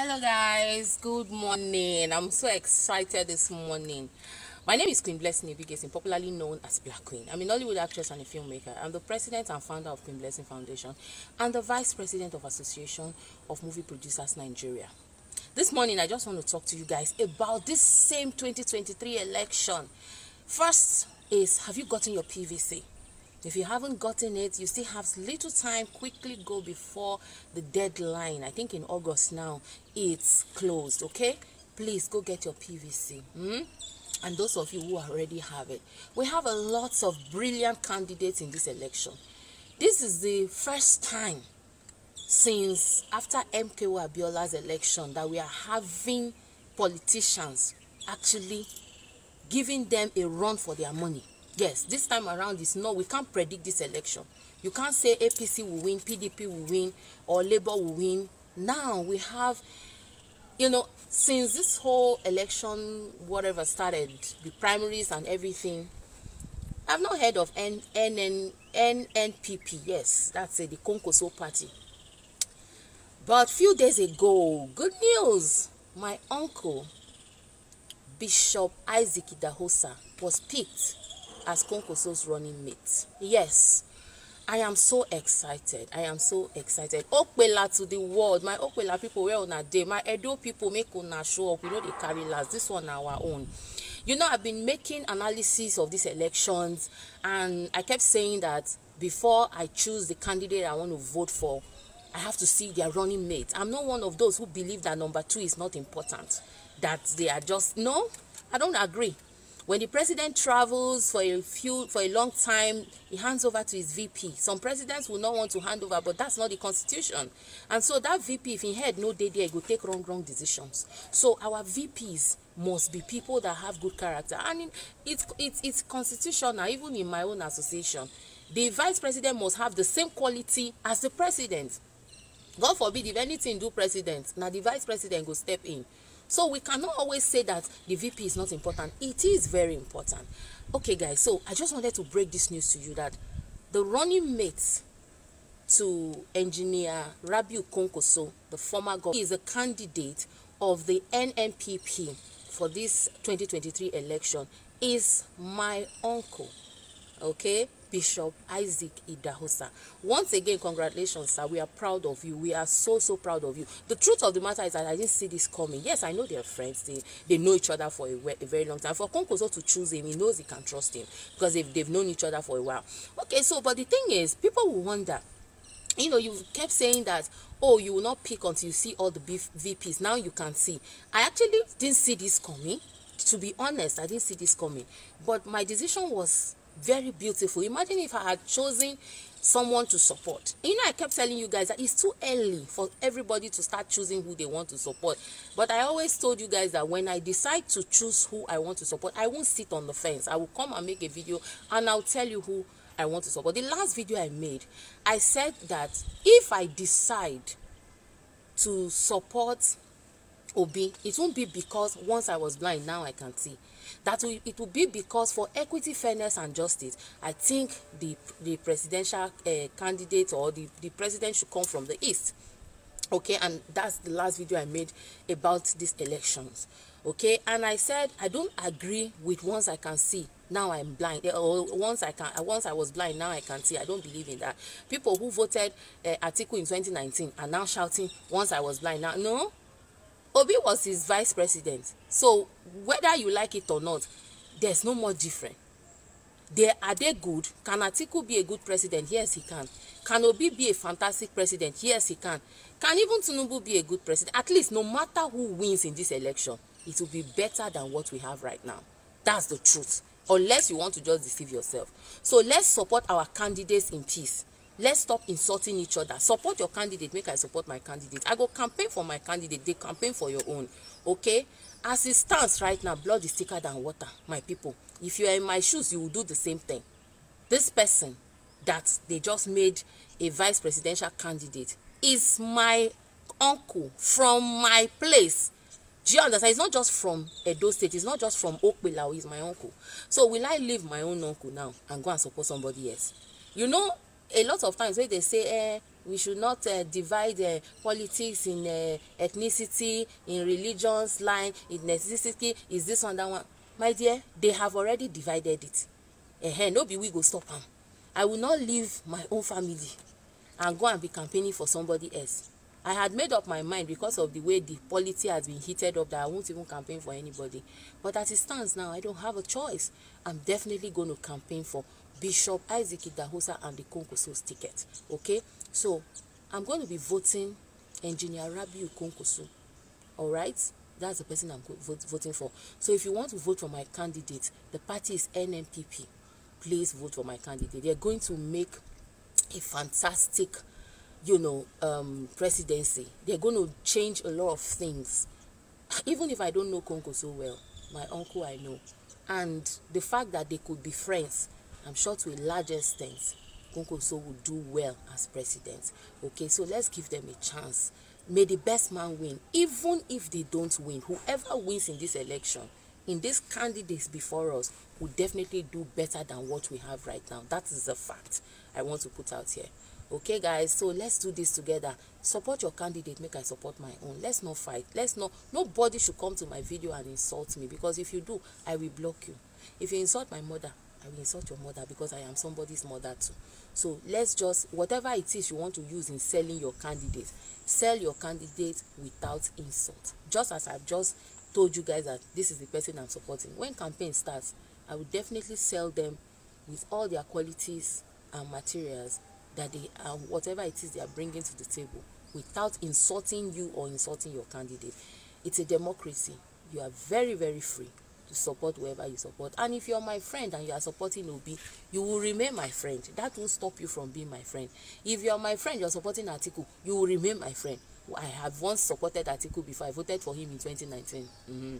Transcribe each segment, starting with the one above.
hello guys good morning i'm so excited this morning my name is queen blessing ibigesin popularly known as black queen i'm a nollywood actress and a filmmaker i'm the president and founder of queen blessing foundation and the vice president of association of movie producers nigeria this morning i just want to talk to you guys about this same 2023 election first is have you gotten your pvc If you haven't gotten it, you still have little time. Quickly go before the deadline. I think in August now it's closed. Okay, please go get your PVC. Hmm? And those of you who already have it, we have a lot of brilliant candidates in this election. This is the first time since after MKO Abiola's election that we are having politicians actually giving them a run for their money. Yes, this time around is no, we can't predict this election. You can't say APC will win, PDP will win, or Labour will win. Now we have, you know, since this whole election, whatever started, the primaries and everything, I've not heard of N N N N N P P. Yes, that's it, the Konkoso party. But few days ago, good news. My uncle, Bishop Isaac Idahosa, was picked as Konkoso's running mate. Yes, I am so excited. I am so excited. Okpela to the world. My Okpela people, where a day. My Edo people, make on a show up. We know they carry last. This one our own. You know, I've been making analysis of these elections, and I kept saying that before I choose the candidate I want to vote for, I have to see their running mate. I'm not one of those who believe that number two is not important, that they are just. No, I don't agree. When the president travels for a few for a long time, he hands over to his VP. Some presidents will not want to hand over, but that's not the constitution. And so that VP, if he had no day there, he will take wrong, wrong decisions. So our VPs must be people that have good character. I mean, it's it's it's constitutional, even in my own association. The vice president must have the same quality as the president. God forbid if anything do president, now the vice president go step in so we cannot always say that the vp is not important it is very important okay guys so i just wanted to break this news to you that the running mate to engineer rabiu konkoso the former governor is a candidate of the nnpp for this 2023 election is my uncle okay Bishop Isaac Idahosa. Once again, congratulations, sir. We are proud of you. We are so, so proud of you. The truth of the matter is that I didn't see this coming. Yes, I know they are friends. They, they know each other for a, a very long time. For Konkozo to choose him, he knows he can trust him because they've, they've known each other for a while. Okay, so, but the thing is, people will wonder, you know, you kept saying that, oh, you will not pick until you see all the beef VPs. Now you can see. I actually didn't see this coming. To be honest, I didn't see this coming. But my decision was very beautiful imagine if i had chosen someone to support you know i kept telling you guys that it's too early for everybody to start choosing who they want to support but i always told you guys that when i decide to choose who i want to support i won't sit on the fence i will come and make a video and i'll tell you who i want to support the last video i made i said that if i decide to support Obi, it won't be because once I was blind, now I can see. That will, it will be because for equity, fairness, and justice, I think the the presidential uh, candidate or the, the president should come from the east. Okay, and that's the last video I made about these elections. Okay, and I said I don't agree with once I can see now I'm blind. Eh, or once I can, once I was blind, now I can see. I don't believe in that. People who voted uh, eh, article in 2019 are now shouting, "Once I was blind." Now, no, Obi was his vice president. So whether you like it or not, there's no more different. They are they good? Can Atiku be a good president? Yes, he can. Can Obi be a fantastic president? Yes, he can. Can even Tinubu be a good president? At least no matter who wins in this election, it will be better than what we have right now. That's the truth. Unless you want to just deceive yourself. So let's support our candidates in peace let's stop insulting each other support your candidate make i support my candidate i go campaign for my candidate dey campaign for your own okay as it stands right now blood is thicker than water my people if you are in my shoes you will do the same thing this person that they just made a vice presidential candidate is my uncle from my place do you understand it's not just from edo state it's not just from okpelawo he's my uncle so will i leave my own uncle now and go and support somebody else you know a lot of times wey dey say eh, we should not uh, divide uh, politics in uh, ethnicity in religions line in ethnicity is this one that one my dear they have already divided it uh-huh, no be we go stop am i will not leave my own family and go and be campaigning for somebody else i had made up my mind because of the way the polity has been heated up that i won't even campaign for anybody but as it stands now i don't have a choice i'm definitely going to campaign for Bishop Isaac Idahosa and the Konkoso's ticket. Okay, so I'm going to be voting Engineer Rabiu Konkoso. All right, that's the person I'm vote, voting for. So if you want to vote for my candidate, the party is Nmpp. Please vote for my candidate. They're going to make a fantastic, you know, um, presidency. They're going to change a lot of things. Even if I don't know Konko so well, my uncle I know. And the fact that they could be friends I'm sure to a large extent, Kunkoso will do well as president. Okay, so let's give them a chance. May the best man win, even if they don't win. Whoever wins in this election, in these candidates before us, will definitely do better than what we have right now. That is a fact I want to put out here. Okay, guys, so let's do this together. Support your candidate, make I support my own. Let's not fight. Let's not, nobody should come to my video and insult me because if you do, I will block you. If you insult my mother, I will insult your mother because I am somebody's mother too. So let's just, whatever it is you want to use in selling your candidate, sell your candidate without insult. Just as I've just told you guys that this is the person I'm supporting. When campaign starts, I will definitely sell them with all their qualities and materials that they are, whatever it is they are bringing to the table, without insulting you or insulting your candidate. It's a democracy. You are very, very free to support whoever you support and if you're my friend and you are supporting Obi you will remain my friend that won't stop you from being my friend if you're my friend you're supporting Atiku you will remain my friend I have once supported Atiku before I voted for him in 2019 mm-hmm.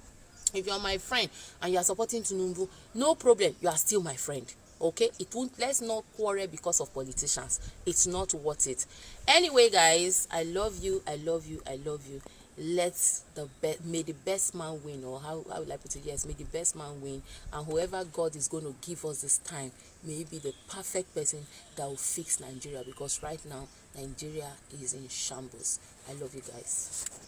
if you're my friend and you are supporting Tinubu no problem you are still my friend okay it won't let's not quarrel because of politicians it's not worth it anyway guys i love you i love you i love you let the best may the best man win or how, how would i put it yes may the best man win and whoever god is going to give us this time may be the perfect person that will fix nigeria because right now nigeria is in shambles i love you guys